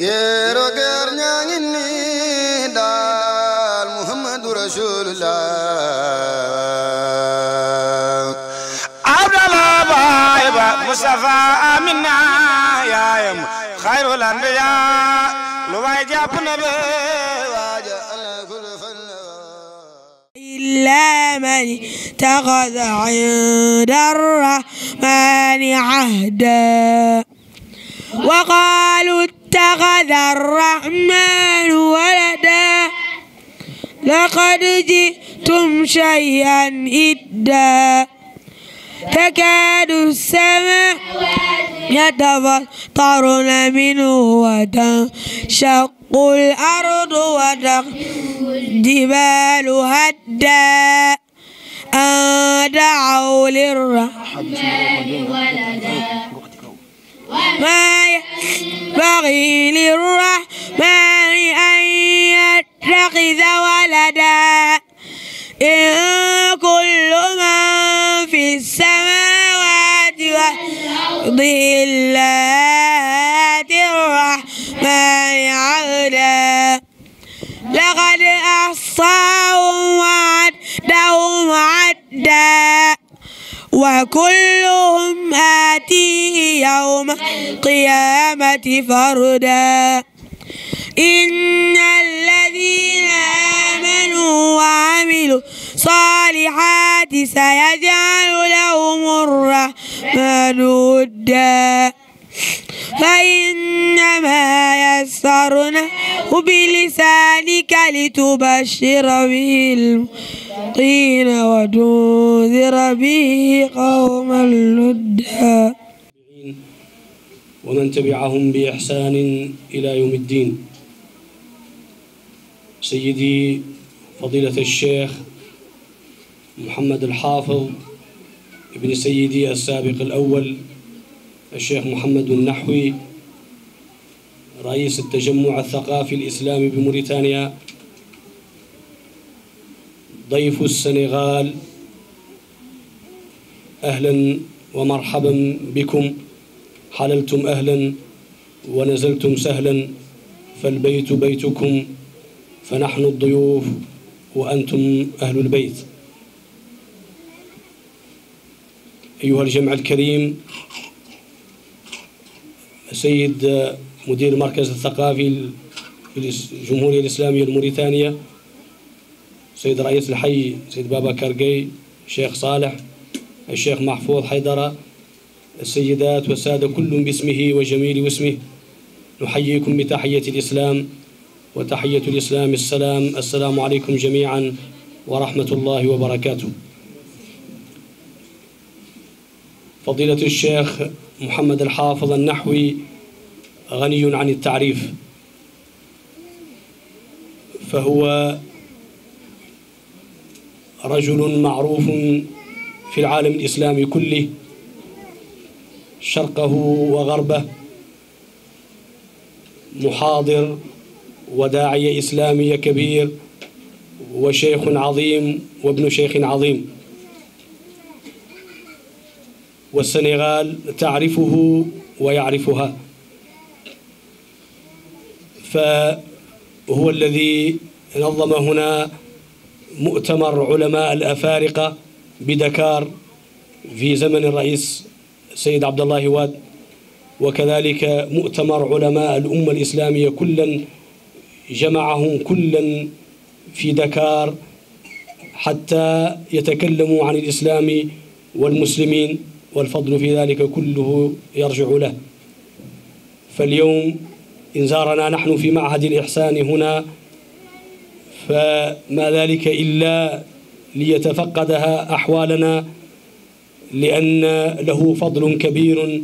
géero géer ñaa ngi nii daal muhammadu rasulullah abdallah baay ba mustafa amina yaayam xayrul anbiya lu waay jàpp na be waaja alakul fanna illa man taxada inda arrahmani ahda wa qaalu اتخذ الرحمن ولدا لقد جئتم شيئا إدا تكاد السماء يتفطرن منه وتنشق الأرض وتخر الجبال هدا أن دعوا للرحمن ولدا ما ينبغي للرحمن أن يتخذ ولدا إن كل من في السماوات والأرض إلا آتي الرحمن وكلهم آتيه يوم القيامة فردا إن الذين آمنوا وعملوا الصالحات سيجعل لهم الرحمن ودا فإنما يسرناه بلسانك لتبشر به المتقين وتنذر به قوما لدا ومن تبعهم بإحسان إلى يوم الدين سيدي فضيلة الشيخ محمد الحافظ ابن سيدي السابق الأول الشيخ محمد النحوي رئيس التجمع الثقافي الإسلامي بموريتانيا ضيف السنغال أهلا ومرحبا بكم حللتم أهلا ونزلتم سهلا فالبيت بيتكم فنحن الضيوف وأنتم أهل البيت أيها الجمع الكريم سيد مدير المركز الثقافي الجمهورية الإسلامية الموريتانية سيد رئيس الحي سيد بابا كرقي الشيخ صالح الشيخ محفوظ حيدرة السيدات والسادة كل باسمه وجميل واسمه نحييكم بتحية الإسلام وتحية الإسلام السلام السلام عليكم جميعا ورحمة الله وبركاته فضيلة الشيخ محمد الحافظ النحوي غني عن التعريف فهو رجل معروف في العالم الإسلامي كله شرقه وغربه محاضر وداعية إسلامية كبير وشيخ عظيم وابن شيخ عظيم والسنغال تعرفه ويعرفها فهو الذي نظم هنا مؤتمر علماء الأفارقة بدكار في زمن الرئيس سيد عبد الله واد وكذلك مؤتمر علماء الأمة الإسلامية كلا جمعهم كلا في دكار حتى يتكلموا عن الإسلام والمسلمين والفضل في ذلك كله يرجع له فاليوم إن زارنا نحن في معهد الإحسان هنا فما ذلك إلا ليتفقدها أحوالنا لأن له فضل كبير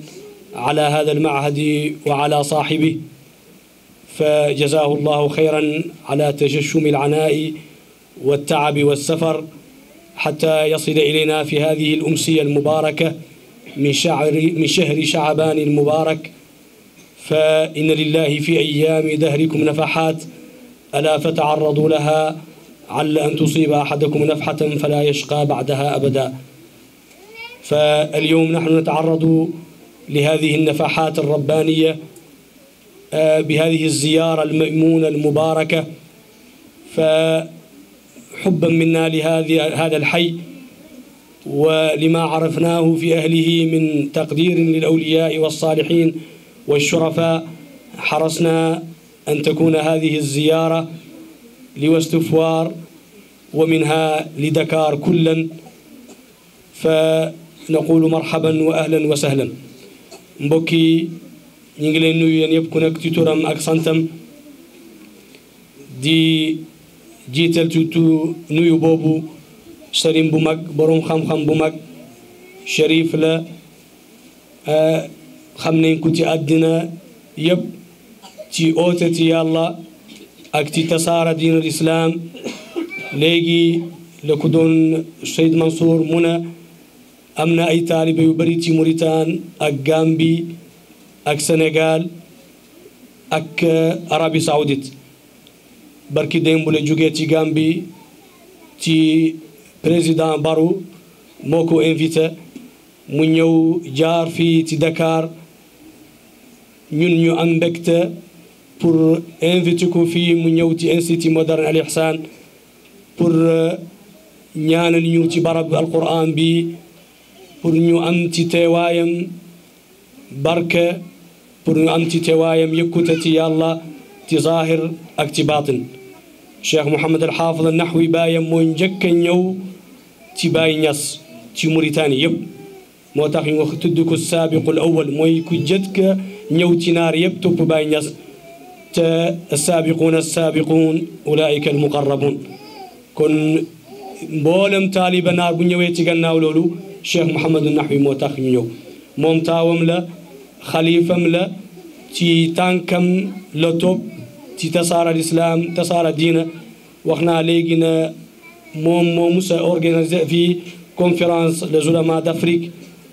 على هذا المعهد وعلى صاحبه فجزاه الله خيرا على تجشم العناء والتعب والسفر حتى يصل إلينا في هذه الأمسية المباركة من شعر من شهر شعبان المبارك فإن لله في أيام دهركم نفحات ألا فتعرضوا لها عل أن تصيب أحدكم نفحة فلا يشقى بعدها أبدا فاليوم نحن نتعرض لهذه النفحات الربانية بهذه الزيارة المأمونة المباركة فحبا منا لهذه هذا الحي ولما عرفناه في أهله من تقدير للأولياء والصالحين والشرفاء حرصنا أن تكون هذه الزيارة لوستفوار ومنها لدكار كلا فنقول مرحبا وأهلا وسهلا mbokki ñu ngi leen nuyu yéen yëpp ku nekk ci turam ak santam di jiital tuutu nuyu boobu sëriñ bu mag boroom xam-xam bu mag Cherif la euh, xam nañ ko ci àddina yëpp ci oote ci yàlla ak ci tasaara diinul islaam léegi la ko doon Seyd Mansour mu am na ay taalibe yu bari ci Mauritanie ak Gambie ak Sénégal ak uh, Arabie Saoudite barki démb la jógee ci Gambie ci président Barrow moo ko invité mu ñëw jaar fii ci dakaar ñun ñu am mbégte pour invité ko fii mu ñëw ci institut moderne al ihsan pour euh, ñaanal ñu ci barab alquran bi pour ñu am ci teewaayam barke pour ñu am ci teewaayam yëkkute ci yàlla ci zahir ak ci baatin cheikh mohamad al xaafid al nahwi baayam mooy njëkk a ñëw ci Baay Ñas ci Mauritanie yëpp moo tax ñu wax tudd ko saabiqul awal mooy ku jëkk ñëw ci naar yëpp topp Baay Ñas te assaabiquun assaabiquun ulaayika almuqarrabuun kon mboolem taaliba naar bu ñëwee ci gannaaw loolu Cheikh Mouhamadou Nahwi moo tax ñu ñëw moom taawam la xalifam la ci tànkam la topp ci tasaara lislaam tasaara diina wax naa léegi na moom moo mus a organiser fii conférence des oulémas d'Afrique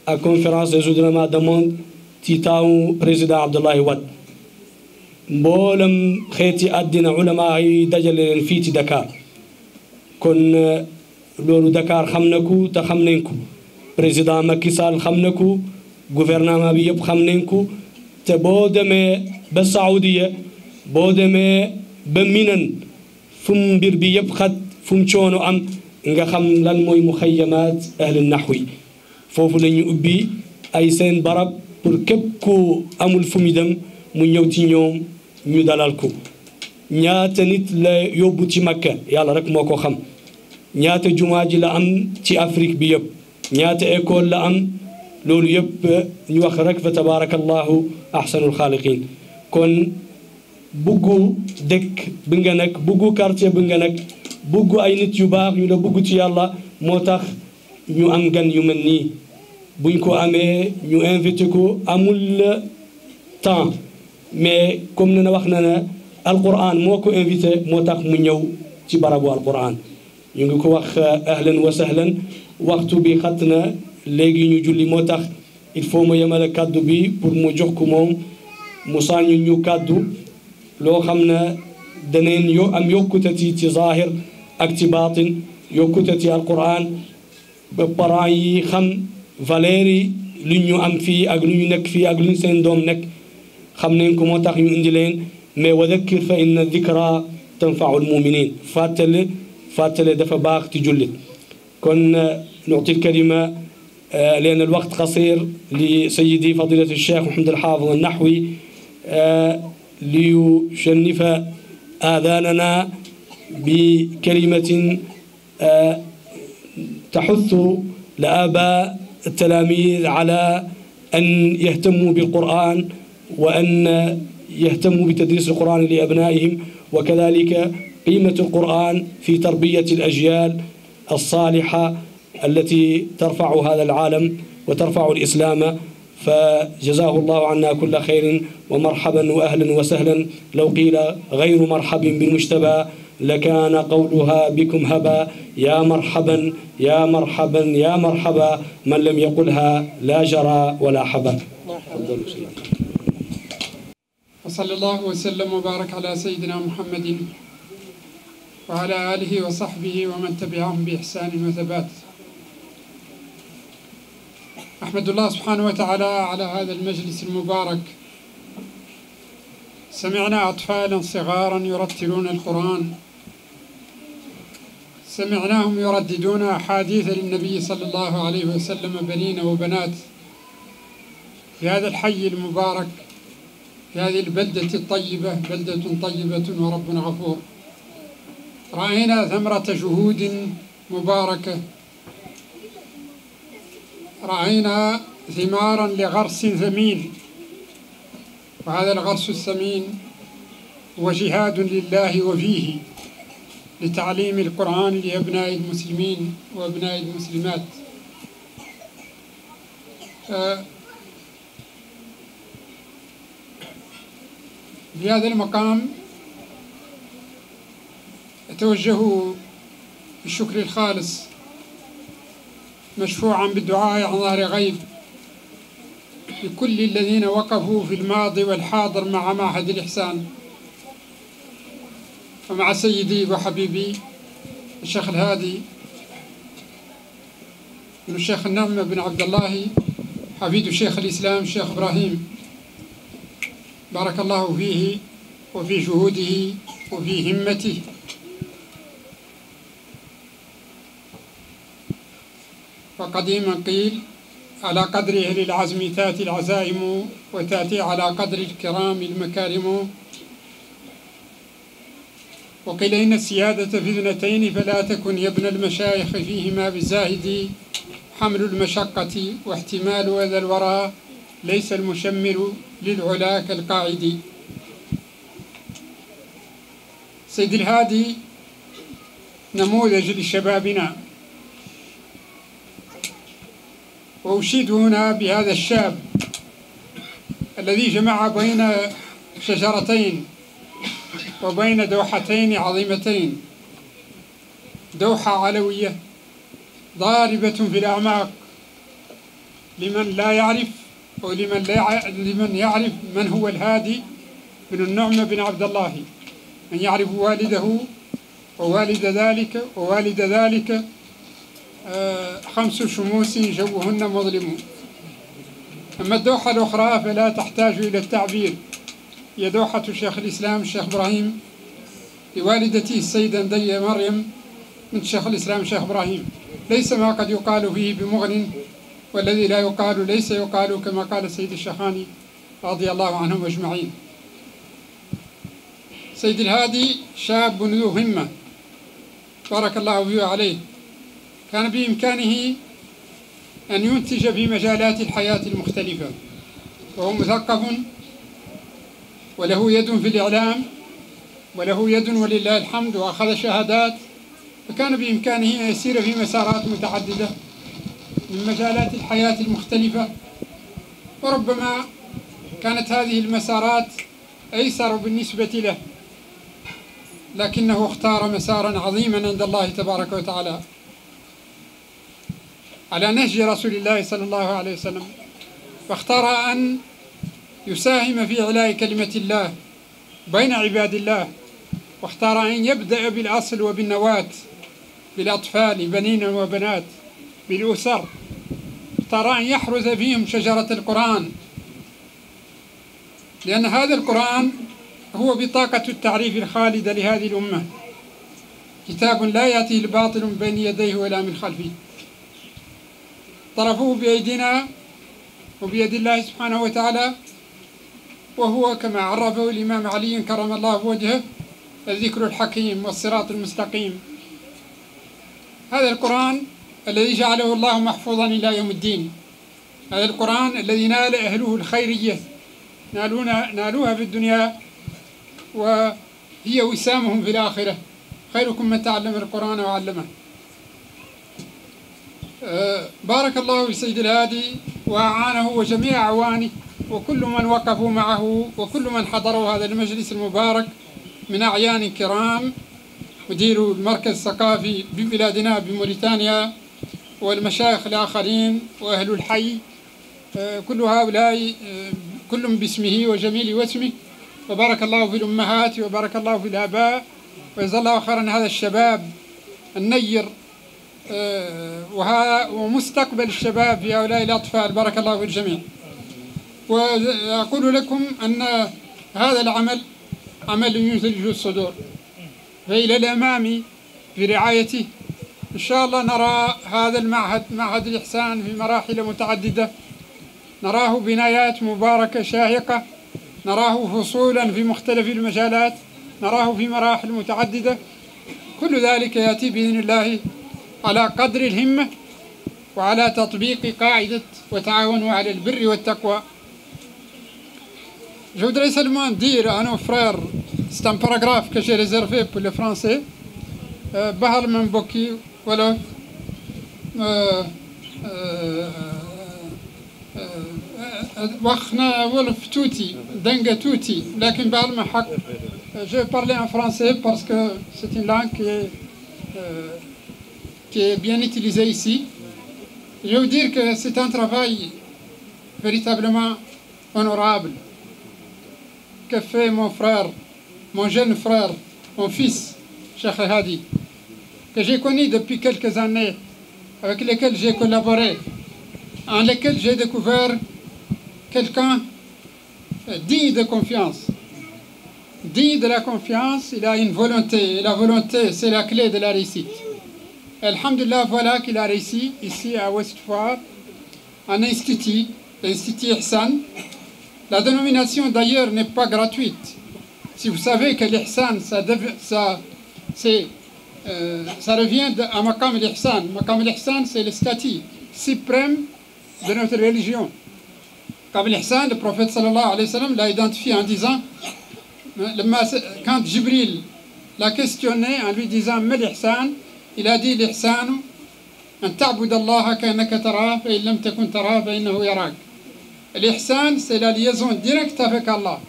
ak conférence des oulémas du monde ci taawu président Abdoulaye Wade mboolem xeeti àddina ulama yi dajale leen fii ci Dakar kon eh, loolu Dakar xam na ko te xam nañ ko président Macky Sall xam na ko gouvernement bi yëpp xam nañ ko te boo demee ba Saoudiya boo demee ba Minan fum mu mbir bi yëpp xat fu mu coono am nga xam lan mooy muxayyamaat ahli nahwi foofu la ñu ay seen barab. pour képp ku amul fu mu dem mu ñëw ci ñoom ñu dalal ko ñaata nit la yóbbu ci Makka yàlla rek moo ko xam ñaata jumaa ji la am ci Afrique bi yëpp ñaata école la am loolu yëpp ñu wax rek fa tabarakallahu ahsanul xaaliqin kon buggu dëkk bi nga nekk buggu quartier bi nga nekk buggu ay nit yu baax ñu la bugg ci yàlla moo tax ñu am gan yu mel nii buñ ko amee ñu invité ko amul temps mais comme ne na wax na ne alquran moo ko invité moo tax mu ñëw ci barabu alquran ñu ngi ko wax eh, ahlan wa sahlan waxtu bi xat na léegi ñu julli moo tax il faut ma yemale kàddu bi pour mu jox ko moom mu sàññu ñu kàddu loo xam ne daneen yo am yokkutati ci zahir ak ci baatin yokkutati alquran ba parents yi xam valeurs yi lu ñu am fii ak lu ñu nekk fii ak lu ñu seen doom nekk xam nañ ko moo tax ñu indi leen mais wa dakkir fa inna dikra tanfaul muminin fàttale fàttale dafa baax ci jullit kon nuti lkalima لأن الوقت قصير لسيدي فضيلة الشيخ محمد الحافظ النحوي ليشنف آذاننا بكلمة تحث الآباء التلاميذ على أن يهتموا بالقرآن وأن يهتموا بتدريس القرآن لأبنائهم وكذلك قيمة القرآن في تربية الأجيال الصالحة التي ترفع هذا العالم وترفع الإسلام فجزاه الله عنا كل خير ومرحبا وأهلا وسهلا لو قيل غير مرحب بالمجتبى لكان قولها بكم هبا يا مرحبا يا مرحبا يا مرحبا من لم يقلها لا جرى ولا حبا وصلى الله وسلم وبارك على سيدنا محمد وعلى آله وصحبه ومن تبعهم بإحسان وثبات أحمد الله سبحانه وتعالى على هذا المجلس المبارك سمعنا أطفالا صغارا يرتلون القرآن سمعناهم يرددون أحاديث للنبي صلى الله عليه وسلم بنين وبنات في هذا الحي المبارك في هذه البلدة الطيبة بلدة طيبة ورب غفور رأينا ثمرة جهود مباركة رأينا ثمارا لغرس ثمين وهذا الغرس الثمين وجهاد لله وفيه لتعليم القرآن لأبناء المسلمين وأبناء المسلمات في هذا المقام أتوجه الشكر الخالص مشفوعا بالدعاء عن ظهر غيب لكل الذين وقفوا في الماضي والحاضر مع معهد الإحسان ومع سيدي وحبيبي الشيخ الهادي من الشيخ النعمة بن عبد الله حفيد شيخ الإسلام شيخ إبراهيم بارك الله فيه وفي جهوده وفي همته وقديما قيل على قدر أهل العزم تاتي العزائم وتاتي على قدر الكرام المكارم وقيل إن السيادة في اثنتين فلا تكن يا ابن المشايخ فيهما بالزاهد حمل المشقة واحتمال أذى الورى ليس المشمر للعلا كالقاعد سيد الهادي نموذج لشبابنا وأشيد هنا بهذا الشاب الذي جمع بين شجرتين وبين دوحتين عظيمتين دوحة علوية ضاربة في الأعماق لمن لا يعرف أو لمن, لا يع... لمن يعرف من هو الهادي بن النعمة بن عبد الله من يعرف والده ووالد ذلك ووالد ذلك خمس شموس جوهن مظلم أما الدوحة الأخرى فلا تحتاج إلى التعبير يدوحة شيخ الإسلام شيخ إبراهيم لوالدته السيدة ندية مريم من شيخ الإسلام شيخ إبراهيم ليس ما قد يقال فيه بمغن والذي لا يقال ليس يقال كما قال السيد الشيخاني رضي الله عنهم أجمعين سيد الهادي شاب ذو همة بارك الله فيه عليه كان بإمكانه أن ينتج في مجالات الحياة المختلفة وهو مثقف وله يد في الإعلام وله يد ولله الحمد وأخذ شهادات فكان بإمكانه أن يسير في مسارات متعددة من مجالات الحياة المختلفة وربما كانت هذه المسارات أيسر بالنسبة له لكنه اختار مسارا عظيما عند الله تبارك وتعالى على نهج رسول الله صلى الله عليه وسلم واختار أن يساهم في إعلاء كلمة الله بين عباد الله واختار أن يبدأ بالأصل وبالنواة بالأطفال بنين وبنات بالأسر اختار أن يحرز فيهم شجرة القرآن لأن هذا القرآن هو بطاقة التعريف الخالدة لهذه الأمة كتاب لا يأتيه الباطل من بين يديه ولا من خلفه طرفوه بأيدينا وبيد الله سبحانه وتعالى وهو كما عرفه الإمام علي كرم الله وجهه الذكر الحكيم والصراط المستقيم هذا القرآن الذي جعله الله محفوظا إلى يوم الدين هذا القرآن الذي نال أهله الخيرية نالونا نالوها في الدنيا وهي وسامهم في الآخرة خيركم من تعلم القرآن وعلمه بارك الله في سيد الهادي وأعانه وجميع أعوانه وكل من وقفوا معه وكل من حضروا هذا المجلس المبارك من أعيان كرام مدير المركز الثقافي ببلادنا بموريتانيا والمشايخ الآخرين وأهل الحي كل هؤلاء كل باسمه وجميل واسمه وبارك الله في الأمهات وبارك الله في الآباء وجزا الله خيرا هذا الشباب النير ومستقبل الشباب في هؤلاء الأطفال بارك الله في الجميع وأقول لكم أن هذا العمل عمل يزلج الصدور فإلى الأمام برعايته إن شاء الله نرى هذا المعهد معهد الإحسان في مراحل متعددة نراه بنايات مباركة شاهقة نراه فصولا في مختلف المجالات نراه في مراحل متعددة كل ذلك يأتي بإذن الله على قدر الهمة وعلى تطبيق قاعدة وتعاونوا على البر والتقوى Je voudrais seulement dire à nos frères, c'est un paragraphe que j'ai réservé pour les Français, euh, Bahal Mamboki, voilà, واخنا ولف توتي دنجا توتي لكن بعد ما حق je parlais en français parce que c'est une langue qui est, euh, qui est bien utilisée ici. Je veux dire que c'est un travail véritablement honorable. que fait mon frère, mon jeune frère, mon fils, Cheikh Hadi, que j'ai connu depuis quelques années, avec lesquels j'ai collaboré, en lesquels j'ai découvert quelqu'un euh, digne de confiance. Digne de la confiance, il a une volonté, et la volonté, c'est la clé de la réussite. Alhamdulillah, voilà qu'il a réussi ici à Westford, un institut, l'Institut Ihsan, La dénomination d'ailleurs n'est pas gratuite. Si vous savez que l'ihsan, ça, ça, euh, ça, revient à Makam al-Ihsan. Makam al-Ihsan, c'est le statut suprême de notre religion. Makam al-Ihsan, le prophète sallallahu alayhi wa sallam l'a identifié en disant quand Jibril l'a questionné en lui disant Mel ihsan il a dit l'ihsan, an ta'bud Allah ka annaka tarah fa in lam takun tarah fa innahu yarak. L'ihsan, c'est la liaison directe avec Allah.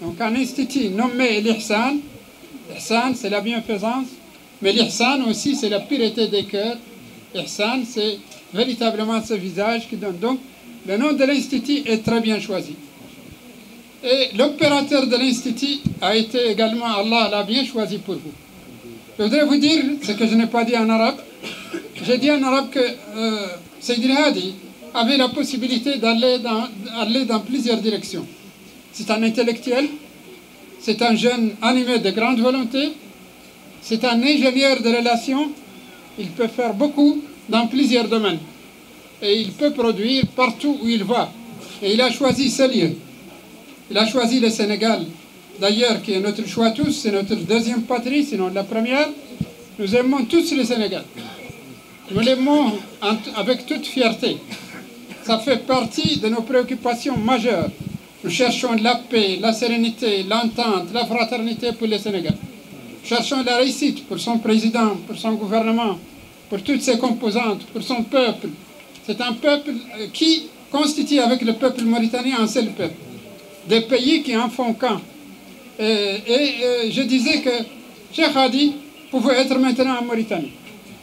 Donc un institut nommé l'ihsan, l'ihsan c'est la bienfaisance, mais l'ihsan aussi c'est la pureté des cœurs. L'ihsan c'est véritablement visage qui donne. Donc le nom de l'institut est très bien choisi. Et l'opérateur de l'institut a été également, Allah l'a bien choisi pour vous. Je voudrais vous dire ce que je n'ai pas dit en arabe. J'ai dit en arabe que euh, Hadi, avait la possibilité d'aller dans, aller dans plusieurs directions. C'est un intellectuel, c'est un jeune animé de grande volonté, c'est un ingénieur de relations, il peut faire beaucoup dans plusieurs domaines. Et il peut produire partout où il va. Et il a choisi ce lieu. Il a choisi le Sénégal, d'ailleurs, qui est notre choix tous, c'est notre deuxième patrie, sinon la première. Nous aimons tous le Sénégal. Nous l'aimons avec toute fierté. Ça fait partie de nos préoccupations majeures. Nous cherchons la paix, la sérénité, l'entente, la fraternité pour le Sénégal. Nous cherchons la réussite pour son président, pour son gouvernement, pour toutes ses composantes, pour son peuple. C'est un peuple euh, qui constitue avec le peuple mauritanien un seul peuple. Des pays qui en font camp. Euh, et, euh, je disais que Cheikh Hadi pouvait être maintenant en Mauritanie.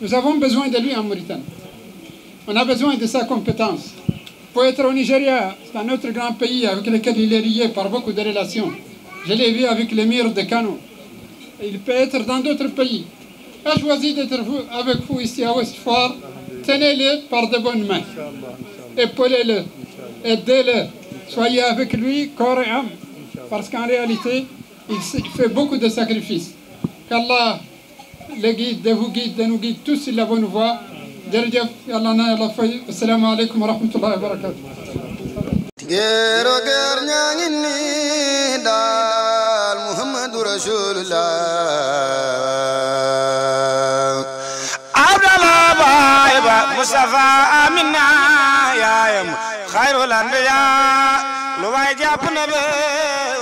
Nous avons besoin de lui en Mauritanie. On a besoin de être au Nigeria, c'est grand pays avec lequel il par beaucoup de relations. Je l'ai vu avec l'émir de Kano. Il peut être dans d'autres pays. J'ai choisi d'être avec vous ici à Westphal. le par de bonnes mains. Épaulez-le. Aidez-le. Soyez avec lui, corps et âme. Parce qu'en réalité, il fait de sacrifices. Qu'Allah les guide, de jërëjëf yàlla na yàlla fay asalaamaaleykum wa rahmatullahi wa barakaatu. géero géer ñaa ngi nii daal Muhammadu Rasulullah Abdallah baay ba Mustafa Amina yaayam xayrul anbiya lu waay jàpp na bee